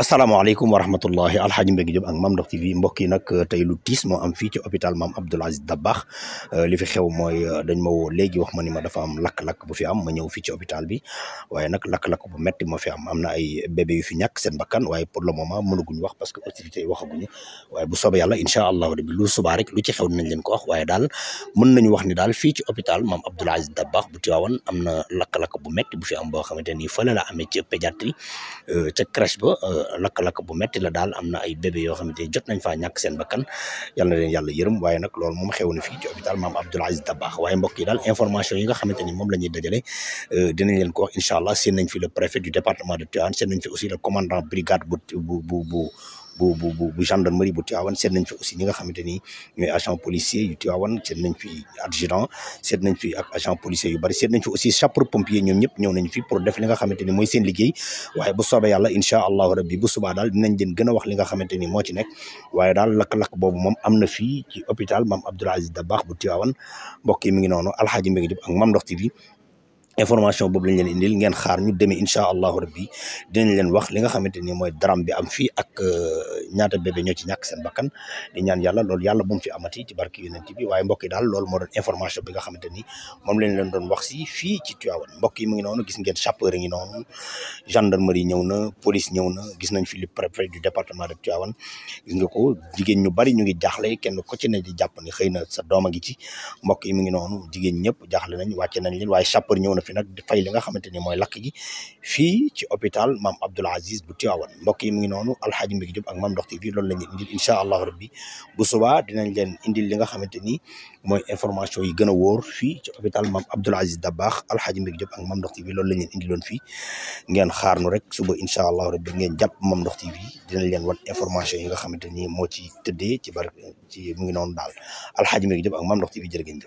asalaamaaleykum wa rahmatullahi alxaaji Mbéngue Diop ak Mame Ndokh TV mbokk yi nag euh, tey lu tiis moo am fii ci hôpital Mame Abdoul Aziz Dabakh euh, li fi xew mooy euh, dañ ma woo léegi wax ma ni ma dafa am lakk-lakk bu fi am ma ñëw fii ci hôpital bi waaye nag lakk-lakk bu metti ma fi am am na ay bébé yu seen bakkan waaye pour le moment wax parce que autorités yi waxaguñu waaye bu soobee yàlla incha allahu rabbi lu subaa rek lu ci ni daal fii ci hôpital Mame Abdoul Aziz Dabakh bu Tivaouane am na lakk-lakk bu bu fi am boo xamante ni fële amee ci pédiatrie ca crèche ba lakk-lakk bu metti daal am ay bébé yoo xamante jot nañ faa ñàkk seen bakkan yal na leen yàlla yërëm waaye nag loolu moom xew na fii ci hôpital maam Abdoul Aziz Dabakh waaye mbokk daal information yi nga xamante ni moom la dajale euh, dinañ leen ko wax allah seen nañ fi le préfet du département de Tivaouane seen nañ fi aussi le commandant brigade bu bu bu bu bu gendarmerie bu Tivaouane seet nañ fi aussi ñi nga xamante ni ñooy agent policier yu Tivaouane seet nañ fi adjudant seet nañ fi ak agent policier yu bari seet nañ fi aussi sapeur pompier ñoom ñëpp ñëw nañ fi pour def li nga xamante ni mooy seen liggéey waaye bu soobee yàlla incha allahu rabbi bu subaa daal dinañ leen gën a wax li nga xamante ni moo ci nekk waaye daal lakk-lakk boobu moom am na fii ci hôpital Mame Abdoul Aziz Dabakh bu Tivaouane mbokk yi mi ngi noonu alxaaji mi ngi jëp ak Mame Ndokh TV information boobu lañ leen indil ngeen xaar ñu demee incha allahu rabbi dinañ leen wax li nga xamante ni mooy daram bi am fii ak euh, ñaata bébé ñoo ci ñàkk seen bakkan di ñaan yàlla loolu yàlla bu mu fi amati ci barki yonent waaye mbokk daal loolu information bi nga xamante ni moom lañ leen doon wax si ci Tivaouane mbokk yi ngi noonu gis nañ fi le préfet du département de Tivaouane ko jigéen ñu bari ñu ngi jaaxle kenn ko ci ne di xëy na a ngi ci mbokk yi mu ngi noonu jigéen ñëpp jaaxle nañ wàcce nañ leen waaye sapeur ñëw na fi nag fay li nga xamante ni mooy lakk gi fii ci hôpital Maam Abdoul bu Tivaouane mbokk yi ngi noonu alxaaji Mbégi Jóob ak maam Ndox TV loolu la ñu incha allahu rabbi bu subaa dinañ leen indil li nga xamante ni mooy information yi gën a wóor fii ci hôpital maam Abdoul Aziz Dabakh alxaaji Mbir Diop ak maam Ndox TV loolu la indi indiloon fii ngeen xaar nu rek suba incha allahu rabbi ngeen jàpp maam Ndox TV dinañ leen wan information yi nga xamante ni moo ci tëddee ci bar ci mu ngi noonu daal alxaaji Mbir Diop ak maam Ndox TV jërë ngeen